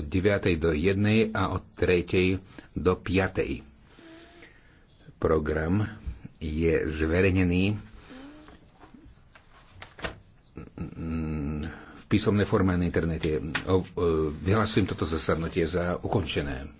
od 9. do 1. a od 3. do 5. Program je zverejnený mm, v písomnej forme na internete. E, vyhlasujem toto zasadnutie za ukončené.